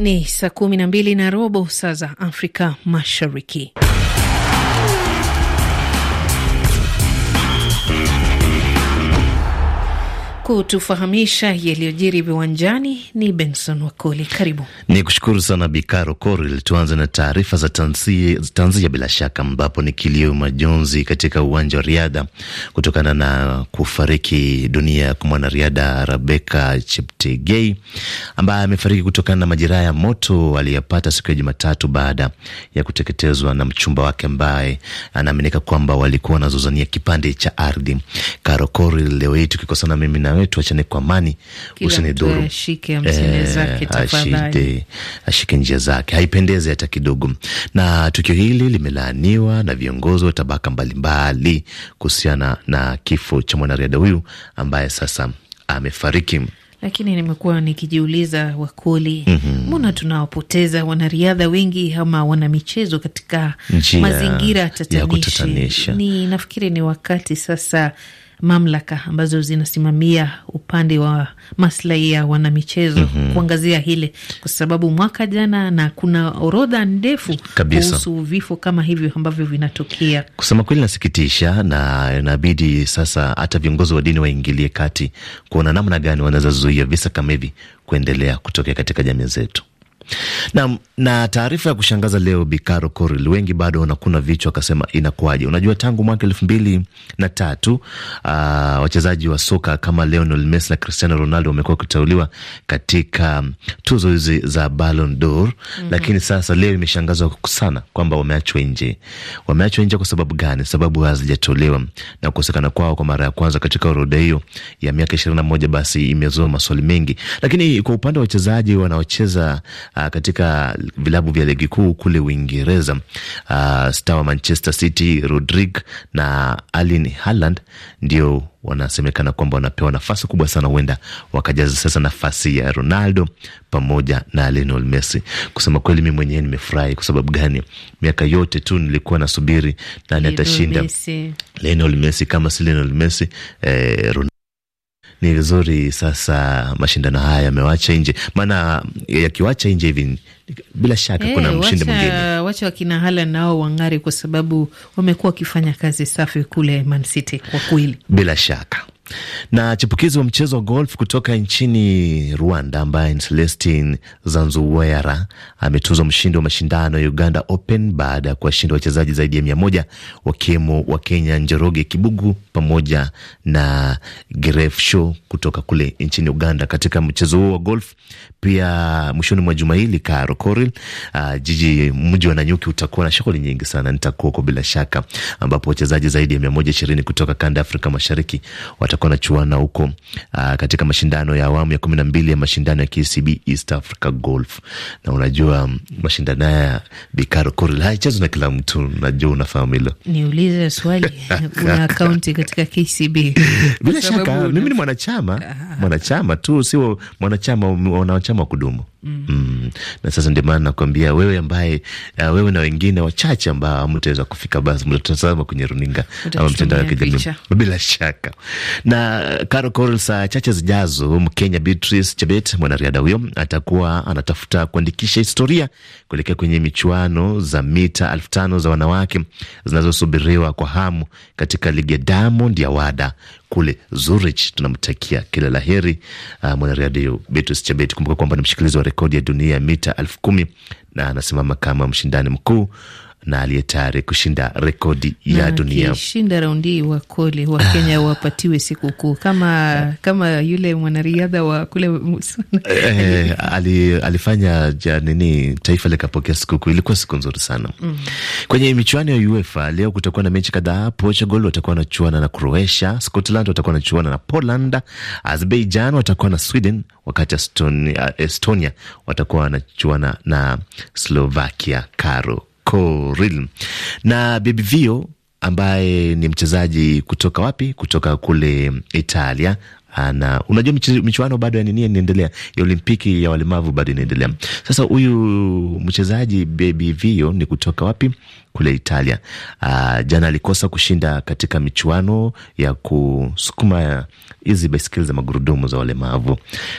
Ni saa kumi na mbili na robo saa za Afrika Mashariki. Kutufahamisha yaliyojiri viwanjani ni Benson Wakoli, karibu. Ni kushukuru sana Bikaro Koril. Tuanze na taarifa za tanzia, bila shaka, ambapo ni kilio majonzi katika uwanja wa riadha kutokana na kufariki dunia kwa mwanariadha Rebeka Cheptegei ambaye amefariki kutokana na majeraha ya moto aliyapata siku ya Jumatatu baada ya kuteketezwa na mchumba wake ambaye anaaminika kwamba walikuwa wanazozania kipande cha ardhi. Karo Koril, leo hii tukikosana mimi na wetu, achane kwa amani, usinidhuru. Ashike, eh, ashike njia zake, haipendezi hata kidogo. Na tukio hili limelaaniwa na viongozi wa tabaka mbalimbali kuhusiana na kifo cha mwanariadha huyu ambaye sasa amefariki lakini nimekuwa nikijiuliza wakoli, mhm. mbona mm -hmm. tunawapoteza wanariadha wengi ama wana michezo katika Njia, mazingira tatanishi. Ni nafikiri ni wakati sasa mamlaka ambazo zinasimamia upande wa maslahi ya wanamichezo mm -hmm. kuangazia hile, kwa sababu mwaka jana na kuna orodha ndefu kuhusu vifo kama hivyo ambavyo vinatokea. Kusema kweli, nasikitisha na inabidi sasa hata viongozi wa dini waingilie kati kuona namna gani wanaweza zuia visa kama hivi kuendelea kutokea katika jamii zetu. Na, na taarifa ya kushangaza leo Bikaro Koril, wengi bado wanakuna vichwa wakasema inakuwaje? Unajua, tangu mwaka elfu mbili na tatu uh, wachezaji wa soka kama Lionel Messi na Cristiano Ronaldo wamekuwa wakiteuliwa katika mm, tuzo hizi za Ballon d'Or mm -hmm. Lakini sasa leo imeshangazwa sana kwamba wameachwa nje. Wameachwa nje kwa sababu gani? Sababu hazijatolewa na kukosekana kwao kwa mara ya kwanza katika orodha hiyo ya miaka ishirini na moja basi imezua maswali mengi, lakini kwa upande wa wachezaji wanaocheza Ah, katika vilabu vya ligi kuu kule Uingereza. Ah, star wa Manchester City Rodrigue na Erling Haaland ndio wanasemekana kwamba wanapewa nafasi kubwa sana, huenda wakajaza sasa nafasi ya Ronaldo pamoja na Lionel Messi. Kusema kweli, mi mwenyewe nimefurahi. Kwa sababu gani? Miaka yote tu nilikuwa nasubiri nani atashinda Lionel Messi. Kama si Lionel Messi eh, ni vizuri sasa mashindano haya yamewacha nje, maana yakiwacha nje hivi bila shaka hey, kuna eh, mshindi mwingine. Wacha wakina hala nao wang'ari, kwa sababu wamekuwa wakifanya kazi safi kule Man City kwa kweli, bila shaka. Na chipukizi wa mchezo wa golf kutoka nchini Rwanda ambaye ni Celestin Zanzuwera ametuzwa mshindi wa mashindano ya Uganda Open baada ya kuwashinda wachezaji zaidi ya mia moja wakiwemo wa Kenya Njoroge Kibugu pamoja na Gref Show kutoka kule nchini Uganda katika mchezo huo wa golf. Pia mwishoni mwa juma hili Karakoram, uh, jiji mji wa Nanyuki utakuwa na shughuli nyingi sana, nitakuwa huko bila shaka, ambapo wachezaji zaidi ya mia moja ishirini kutoka kanda Afrika Mashariki wata atakuwa anachuana huko ah, katika mashindano ya awamu ya kumi na mbili ya mashindano ya KCB East Africa Golf. Na unajua mm, mashindano haya Bikaro Koril haichezwi na kila mtu, najua unafahamu hilo. Niulize swali, una akaunti katika KCB? Bila shaka mimi ni mwanachama, mwanachama tu, sio mwanachama wanachama wa kudumu. Mm. Mm. Na sasa ndio maana nakwambia wewe ambaye uh, wewe na wengine wachache ambao hamtaweza kufika, basi mtatazama kwenye runinga ama mtandao wa kijamii bila shaka. Na Caro Korir, saa chache zijazo, Mkenya Beatrice Chebet, mwanariadha huyo, atakuwa anatafuta kuandikisha historia kuelekea kwenye michuano za mita elfu tano za wanawake zinazosubiriwa kwa hamu katika ligi ya Diamond ya WADA kule Zurich. Tunamtakia kila la heri uh, mwanariadha Beatrice Chebet. Kumbuka kwamba ni mshikilizi wa rekodi ya dunia ya mita elfu kumi na anasimama kama mshindani mkuu na aliye tayari kushinda rekodi ya na dunia. Kishinda raundi wakole Wakenya ah. wapatiwe sikukuu kama kama yule mwanariadha wa kule eh, ali, alifanya ja nini, taifa likapokea sikukuu. Ilikuwa siku nzuri sana mm. Kwenye michuano ya UEFA leo kutakuwa na mechi kadhaa. Portugal watakuwa wanachuana na Croatia, Scotland watakuwa wanachuana na Poland, Azerbaijan watakuwa na Sweden, wakati Estonia, Estonia watakuwa wanachuana na Slovakia. Karo Korir na Bibi Vio ambaye ni mchezaji kutoka wapi? Kutoka kule Italia ana unajua, michuano bado ya nini inaendelea, ya Olimpiki ya walemavu bado inaendelea. Sasa huyu mchezaji Baby Vio ni kutoka wapi? Kule Italia. Aa, ah, jana alikosa kushinda katika michuano ya kusukuma hizi baiskeli za magurudumu za walemavu,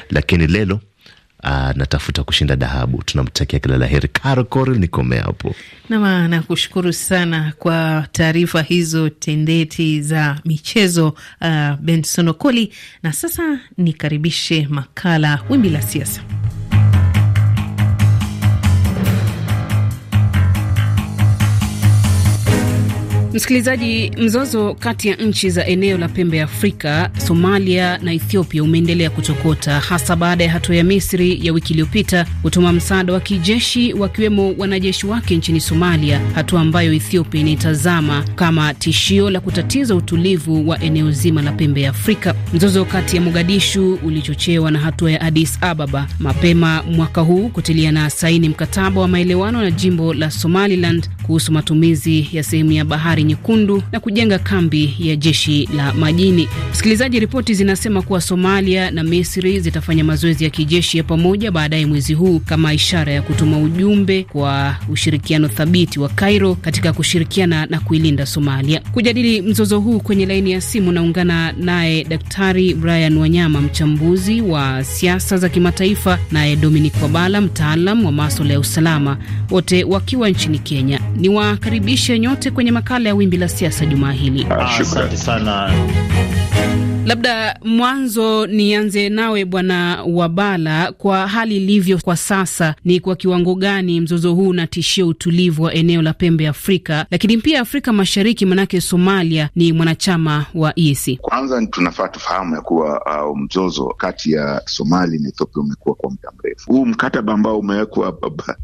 lakini lelo anatafuta ah, kushinda dhahabu. Tunamtakia kila la heri. Karo Koril, nikome hapo nama. Nakushukuru sana kwa taarifa hizo tendeti za michezo, uh, Benson Okoli. Na sasa nikaribishe makala Wimbi la Siasa. Msikilizaji, mzozo kati ya nchi za eneo la pembe ya Afrika, Somalia na Ethiopia umeendelea kuchokota hasa baada ya hatua ya Misri ya wiki iliyopita kutuma msaada wa kijeshi wakiwemo wanajeshi wake nchini Somalia, hatua ambayo Ethiopia inaitazama kama tishio la kutatiza utulivu wa eneo zima la pembe ya Afrika. Mzozo kati ya Mogadishu ulichochewa na hatua ya Addis Ababa mapema mwaka huu kutilia na saini mkataba wa maelewano na jimbo la Somaliland kuhusu matumizi ya sehemu ya bahari Bahari Nyekundu na kujenga kambi ya jeshi la majini. Msikilizaji, ripoti zinasema kuwa Somalia na Misri zitafanya mazoezi ya kijeshi ya pamoja baadaye mwezi huu kama ishara ya kutuma ujumbe kwa ushirikiano thabiti wa Cairo katika kushirikiana na kuilinda Somalia. Kujadili mzozo huu kwenye laini ya simu naungana naye Daktari Brian Wanyama, mchambuzi wa siasa za kimataifa, naye Dominic Wabala, mtaalam wa maswala ya usalama, wote wakiwa nchini Kenya. Niwakaribishe nyote kwenye makala ya wimbi la siasa jumaa hili. Ah, asante sana. Labda mwanzo nianze nawe Bwana Wabala, kwa hali ilivyo kwa sasa, ni kwa kiwango gani mzozo huu unatishia utulivu wa eneo la pembe Afrika, lakini pia Afrika Mashariki, manake Somalia ni mwanachama wa EAC? Kwanza tunafaa tufahamu ya kuwa uh, mzozo kati ya somali na Ethiopia umekuwa kwa muda mrefu. Huu mkataba ambao umewekwa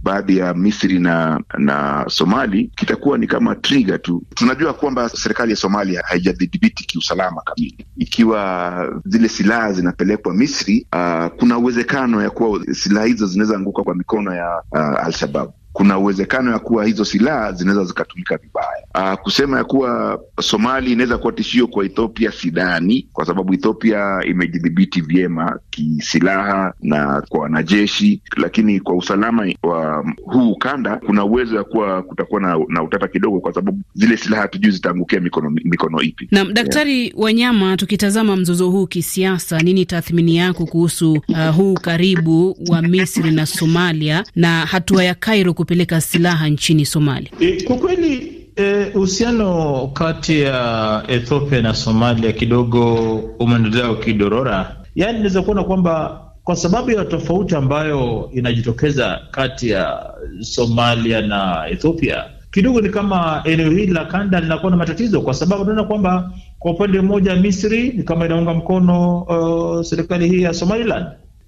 baadhi ya Misri na na Somali kitakuwa ni kama trigger tu. Tunajua kwamba serikali ya Somalia haijadhibiti kiusalama kamili ikiwa ikiwa zile silaha zinapelekwa Misri, uh, kuna uwezekano ya kuwa silaha hizo zinaweza anguka kwa mikono ya uh, Alshabab kuna uwezekano ya kuwa hizo silaha zinaweza zikatumika vibaya. Aa, ah, kusema ya kuwa Somali inaweza kuwa tishio kwa Ethiopia sidani, kwa sababu Ethiopia imejidhibiti vyema kisilaha na kwa wanajeshi, lakini kwa usalama wa huu ukanda kuna uwezo ya kuwa kutakuwa na, na utata kidogo, kwa sababu zile silaha hatujui zitaangukia mikono, mikono ipi. Na Daktari yeah, Wanyama, tukitazama mzozo huu kisiasa, nini tathmini yako kuhusu uh, huu karibu wa Misri na Somalia na hatua ya Kairo kupeleka silaha nchini Somalia? Eh, kwa kweli eh, uhusiano e, kati ya Ethiopia na Somalia kidogo umeendelea ukidorora, yaani naweza kuona kwamba kwa sababu ya tofauti ambayo inajitokeza kati ya Somalia na Ethiopia, kidogo ni kama eneo hili la kanda linakuwa na matatizo, kwa sababu tunaona kwamba kwa upande mmoja Misri ni kama inaunga mkono uh, serikali hii ya Somaliland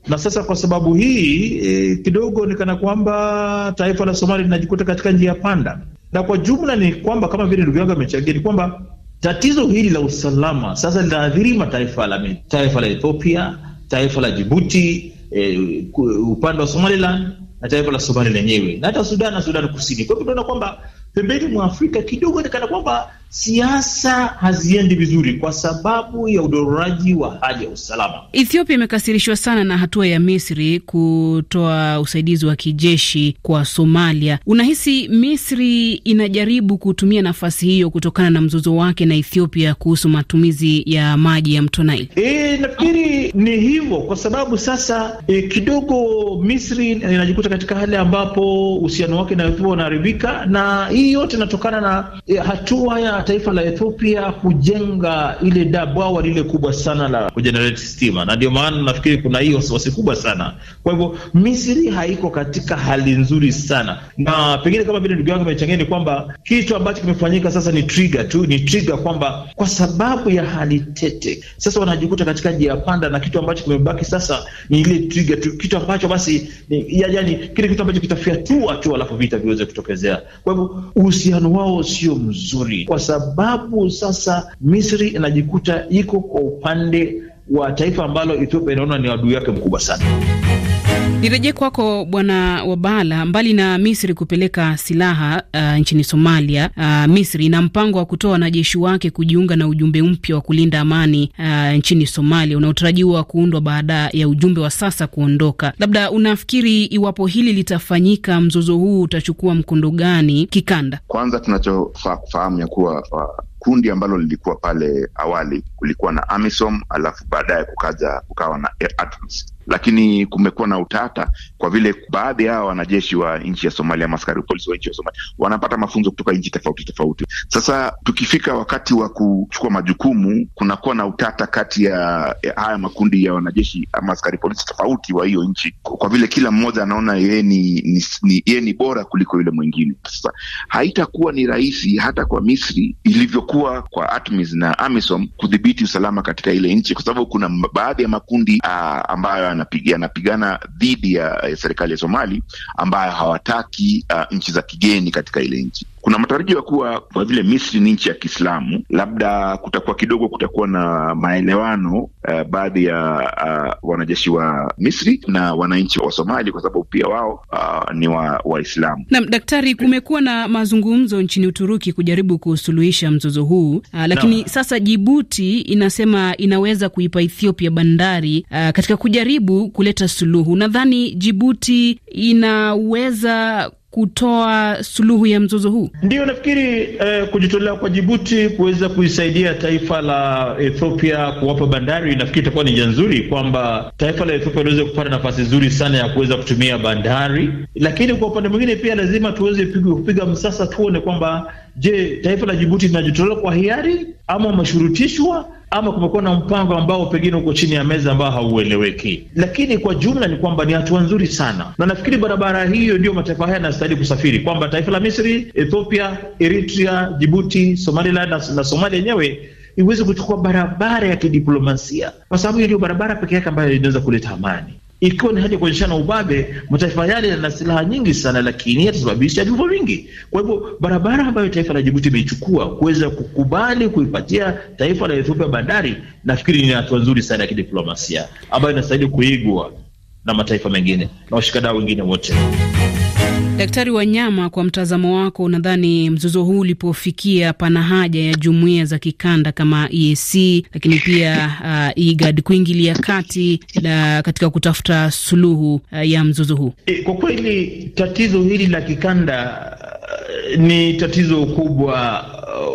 na sasa kwa sababu hii e, kidogo nikana kwamba taifa la Somalia linajikuta katika njia panda, na kwa jumla ni kwamba kama vile ndugu yangu amechangia ni kwamba tatizo hili la usalama sasa linaathiri mataifa la taifa la Ethiopia, taifa la Jibuti, e, upande wa Somaliland na taifa la Somalia lenyewe na hata Sudan na Sudan Kusini. Kwa hivyo tunaona kwamba pembeni mwa Afrika kidogo nikana kwamba siasa haziendi vizuri kwa sababu ya udororaji wa hali ya usalama. Ethiopia imekasirishwa sana na hatua ya Misri kutoa usaidizi wa kijeshi kwa Somalia. Unahisi Misri inajaribu kutumia nafasi hiyo kutokana na mzozo wake na Ethiopia kuhusu matumizi ya maji ya mto Nile? E, nafikiri ni hivyo kwa sababu sasa e, kidogo Misri inajikuta katika hali ambapo uhusiano wake na Ethiopia unaharibika, na hii yote inatokana na e, hatua ya taifa la Ethiopia kujenga ile da bwawa lile kubwa sana la kujenereti stima, na ndio maana nafikiri kuna hiyo wasiwasi kubwa sana. Kwa hivyo Misri haiko katika hali nzuri sana, na pengine kama vile ndugu yangu amechangia, ni kwamba kitu ambacho kimefanyika sasa ni trigger tu, ni trigger kwamba kwa sababu ya hali tete, sasa wanajikuta katika njia panda, na kitu ambacho kimebaki sasa ni ile trigger tu, kitu ambacho basi ni, yaani kile kitu ambacho kitafiatua tu alafu vita viweze kutokezea. Kwa hivyo uhusiano wao sio mzuri kwa sababu sasa Misri inajikuta iko kwa upande wa taifa ambalo Ethiopia inaona ni adui yake mkubwa sana. Nirejee kwako Bwana Wabala, mbali na Misri kupeleka silaha uh, nchini Somalia, uh, Misri ina mpango wa kutoa wanajeshi wake kujiunga na ujumbe mpya wa kulinda amani uh, nchini Somalia unaotarajiwa kuundwa baada ya ujumbe wa sasa kuondoka. Labda unafikiri iwapo hili litafanyika, mzozo huu utachukua mkondo gani kikanda? Kwanza tunachofaa kufahamu ya kuwa uh, kundi ambalo lilikuwa pale awali kulikuwa na AMISOM alafu baadaye kukaja kukawa na lakini kumekuwa na utata kwa vile baadhi yao wanajeshi wa nchi ya Somalia, maskari polisi wa nchi ya Somalia wanapata mafunzo kutoka nchi tofauti tofauti. Sasa tukifika wakati wa kuchukua majukumu, kunakuwa na utata kati ya, ya haya makundi ya wanajeshi ama askari polisi tofauti wa hiyo nchi, kwa vile kila mmoja anaona yeye ni, ni, ni, yeye ni bora kuliko yule mwingine. Sasa haitakuwa ni rahisi hata kwa Misri ilivyokuwa kwa ATMIS na AMISOM kudhibiti usalama katika ile nchi, kwa sababu kuna baadhi ya makundi uh, ambayo yanapigana pigana dhidi ya serikali ya Somali ambayo hawataki uh, nchi za kigeni katika ile nchi. Kuna matarajio ya kuwa kwa vile Misri ni nchi ya Kiislamu, labda kutakuwa kidogo, kutakuwa na maelewano uh, baadhi ya uh, wanajeshi wa Misri na wananchi wa Somali kwa sababu pia wao uh, ni Waislamu. nam daktari, kumekuwa na mazungumzo nchini Uturuki kujaribu kusuluhisha mzozo huu uh, lakini na sasa Jibuti inasema inaweza kuipa Ethiopia bandari uh, katika kujaribu kuleta suluhu. Nadhani Jibuti inaweza kutoa suluhu ya mzozo huu? Ndiyo, nafikiri eh, kujitolea kwa Jibuti kuweza kuisaidia taifa la Ethiopia kuwapa bandari, nafikiri itakuwa ni njia nzuri kwamba taifa la Ethiopia liweze kupata nafasi nzuri sana ya kuweza kutumia bandari, lakini kwa upande mwingine pia lazima tuweze kupiga msasa, tuone kwamba je, taifa la Jibuti linajitolea kwa hiari ama wameshurutishwa ama kumekuwa na mpango ambao pengine uko chini ya meza ambao haueleweki, lakini kwa jumla ni kwamba ni hatua nzuri sana, na nafikiri barabara hiyo ndiyo mataifa haya yanastahili kusafiri, kwamba taifa la Misri, Ethiopia, Eritrea, Jibuti, Somaliland na, na Somalia yenyewe iweze kuchukua barabara ya kidiplomasia, kwa sababu hiyo ndio barabara peke yake ambayo inaweza kuleta amani ikiwa ni haja kuonyeshana ubabe, mataifa yale yana silaha nyingi sana, lakini yatasababisha vifo vingi. Kwa hivyo barabara ambayo taifa la Jibuti imeichukua kuweza kukubali kuipatia taifa la Ethiopia bandari, nafikiri ni hatua nzuri sana ya kidiplomasia ambayo inastahili kuigwa na mataifa mengine na washikadau wengine wote. Daktari Wanyama, kwa mtazamo wako, unadhani mzozo huu ulipofikia, pana haja ya jumuiya za kikanda kama EAC lakini pia uh, IGAD kuingilia kati la katika kutafuta suluhu uh, ya mzozo huu? E, kwa kweli tatizo hili la kikanda uh, ni tatizo kubwa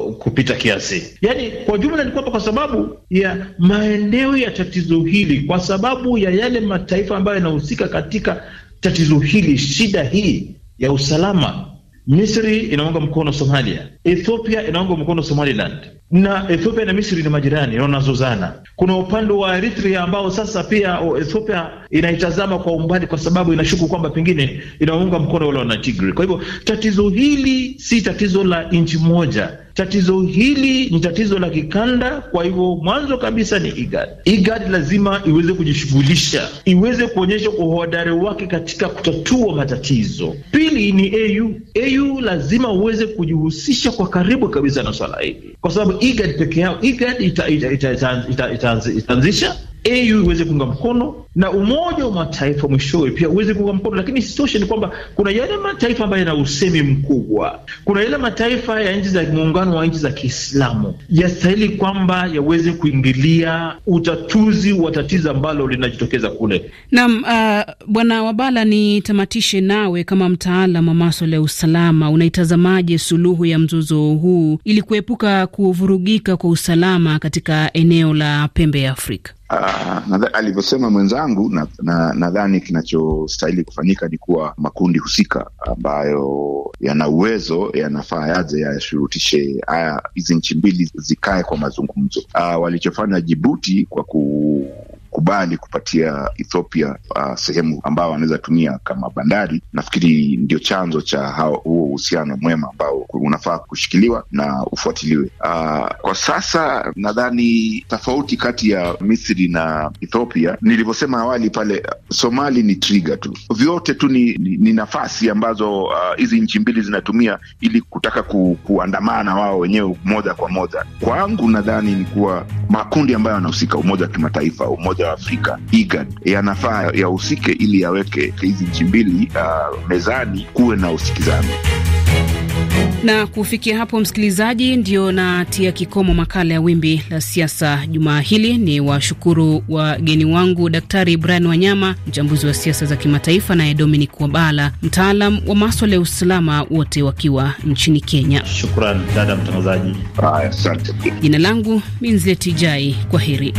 uh, kupita kiasi. Yaani kwa jumla ni kwamba kwa sababu ya maeneo ya tatizo hili, kwa sababu ya yale mataifa ambayo yanahusika katika tatizo hili, shida hii ya usalama. Misri inaunga mkono Somalia, Ethiopia inaunga mkono Somaliland, na Ethiopia na Misri ni majirani wanazozana. Kuna upande wa Eritrea ambao sasa pia Ethiopia inaitazama kwa umbali, kwa sababu inashuku kwamba pengine inaunga mkono wale wana Tigray. Kwa hivyo tatizo hili si tatizo la nchi moja Tatizo hili ni tatizo la kikanda. Kwa hivyo mwanzo kabisa ni IGAD. IGAD lazima iweze kujishughulisha, iweze kuonyesha uhodari wake katika kutatua matatizo. Pili ni AU. AU lazima uweze kujihusisha kwa karibu kabisa na swala hili, kwa sababu IGAD peke yao, IGAD itaanzisha ita, ita, ita, ita, ita, ita, ita, ita, ita, ita, ita, ita, AU iweze kuunga mkono na Umoja wa Mataifa mwishowe pia uweze kuunga mkono, lakini isitoshe ni kwamba kuna yale mataifa ambayo yana usemi mkubwa, kuna yale mataifa ya nchi za muungano wa nchi za Kiislamu yastahili kwamba yaweze kuingilia utatuzi wa tatizo ambalo linajitokeza kule. Naam, uh, Bwana Wabala, nitamatishe nawe kama mtaalam wa maswala ya usalama, unaitazamaje suluhu ya mzozo huu ili kuepuka kuvurugika kwa usalama katika eneo la pembe ya Afrika? Uh, alivyosema mwenzangu yangu nadhani na, na kinachostahili kufanyika ni kuwa makundi husika ambayo yana uwezo yanafaa yaje yashurutishe haya hizi nchi mbili zikae kwa mazungumzo. Ah, walichofanya Jibuti kwa ku kukubali kupatia Ethiopia uh, sehemu ambao wanaweza tumia kama bandari, nafikiri ndio chanzo cha huo uhusiano mwema ambao unafaa kushikiliwa na ufuatiliwe. Uh, kwa sasa nadhani tofauti kati ya Misri na Ethiopia, nilivyosema awali pale, Somali ni trigger tu, vyote tu ni, ni, ni nafasi ambazo uh, hizi uh, nchi mbili zinatumia ili kutaka ku, kuandamana wao wenyewe moja kwa moja. Kwangu nadhani ni kuwa makundi ambayo yanahusika, umoja wa kimataifa, umoja Umoja wa Afrika IGAD yanafaa yahusike ili yaweke hizi nchi mbili uh, mezani, kuwe na usikizano. Na kufikia hapo, msikilizaji, ndio natia kikomo makala ya Wimbi la Siasa jumaa hili. Ni washukuru wageni wangu Daktari Brian Wanyama, mchambuzi wa siasa za kimataifa, naye Dominic Wabala, mtaalam wa maswala ya usalama, wote wakiwa nchini Kenya. Shukran dada mtangazaji. asante. Jina langu Minzeti Jai, kwa heri.